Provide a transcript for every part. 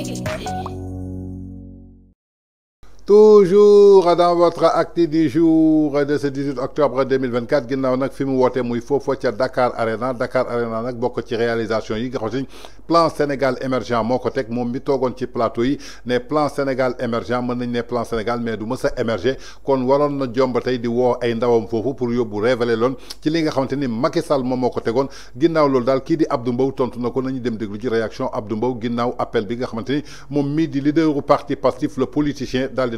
Hey. toujours dans votre acte du jour de ce 18 octobre 2024 ginnaaw nak fi mu muy faut Dakar Arena Dakar Arena nak bokk ci réalisation yi nga plan Sénégal émergent mon tek mom mi toogoon ci plateau yi ne plan Sénégal émergent mën nañ ne plan Sénégal mais du mës émerger émerger kon waron na jomba tay di wo ay ndawam fofu pour vous révéler vous ci li nga xamanteni ni Macky Sall mom moko ko ginnaw ginnaaw dal ki di Abdou Mbow tontu nako ko nañu dem déglu ci réaction Abdou Mbow ginnaw appel bi nga xamanteni mom mi di leader du parti passif le politicien les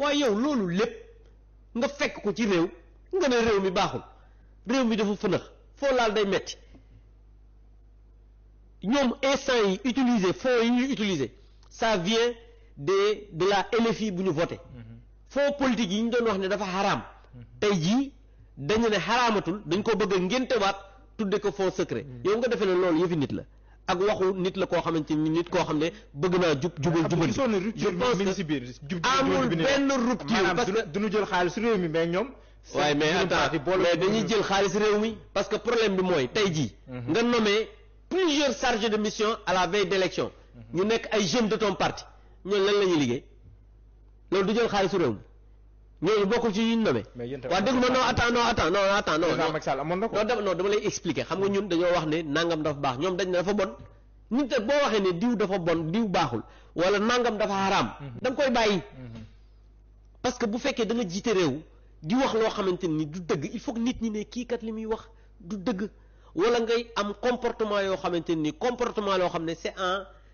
waaye yow loolu lépp nga fekk ko ci réew nga ne réew mi baaxul réew mi dafa fënax foo laal day metti ñoom instant yi utiliser fonds yi ñuy utiliser ça vient de de la LFI bu ñu voté mhm. fonds politique yi ñu doon wax ne dafa xaraam mhm. tey jii dañu ne xaraamatul dañ ko bëgg a ngéntewaat tudde ko fonds secret mhm. yow nga defee ne loolu yëfi nit la ak waxu nit la koo xamante ni nit koo xam ne bëgg naa jub jubal jubal je pense amul benn rupture parce que duñu jël xaalis réew mi mais ñoom mais attends mais dañuy jël xaalis réew mi parce que problème bi mooy tey jii mhm. nga nommé plusieurs chargés de mission à la veille d'élection mhm. ñu nekk ay jeunes de ton parti ñooñu lan la ñuy liggéey loolu du jël xaalisu réew mi ñooñu bokkul ci yuñ nommé waaw déglu ma non attends non attends non attends non non non dama lay expliquer xam nga ñun dañoo wax ne nangam dafa baax ñoom dañ dafa bon nit te boo waxee ne diw dafa bon diw baaxul wala nangam dafa xaraam mhm. da nga koy bàyyi mhm. parce que bu fekkee da nga jiite réew di wax loo xamante ni du dëgg il faut nit ñi ne kii kat li muy wax du dëgg wala ngay am comportement yoo xamante ni comportement loo xam ne c'est en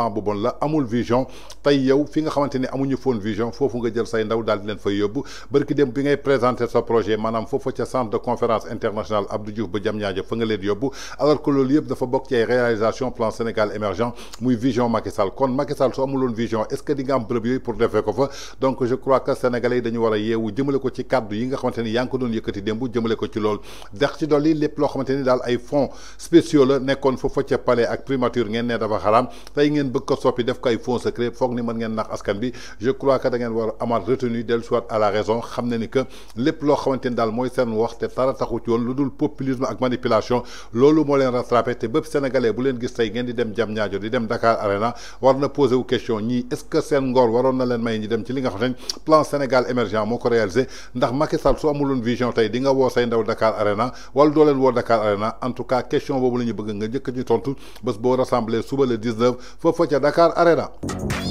plan bu bon la amul vision tay yow fi nga xamanteni amuñu foon vision fofu nga jël say ndaw dal di len fay yóbbu barki dem bi ngay présenter sa projet manam fofu ci centre de conférence international Abdou Diouf ba Diamniadio fa nga leen yobbu alors que loolu yeb dafa bok ci réalisation plan Sénégal émergent muy vision Macky Sall kon Macky Sall su amuloon vision est-ce que di nga am bërëb yooyu pour defee ko fa donc je crois que sénégalais dañu war yewu jëmele ko ci kàddu yi nga xamanteni yank ko doon yëkëti dembu jëmele ko ci lool dex ci doli lepp lo xamanteni dal ay fonds spéciaux la nekkon fofu ci palais ak primature ngeen né dafa xaraam tay ngeen ngeen bëgg soppi def fonds secret foog ni mën ngeen nax askan bi je crois que da ngeen war a amaat del soit à la raison xam ni que lepp lo xamante dal moy sen seen wax te dara taxu ci won lu populisme ak manipulation loolu mo len rattrapé te bépp sénégalais bu len gis tay ngeen di dem Diamniadio di dem Dakar Arena war na poser wu question ni est ce que sen ngor waroon na len may ñi dem ci li nga xam plan Sénégal émergent moko réaliser réalisé ndax Macky Sall su amuloon vision tay di nga wo say ndaw Dakar Arena wal do len wo Dakar Arena en tout cas question bobu lañu bëgg nga jëk ci tontu bés bo rassembler suba le 19 foofu foofu ca Dakar Arena.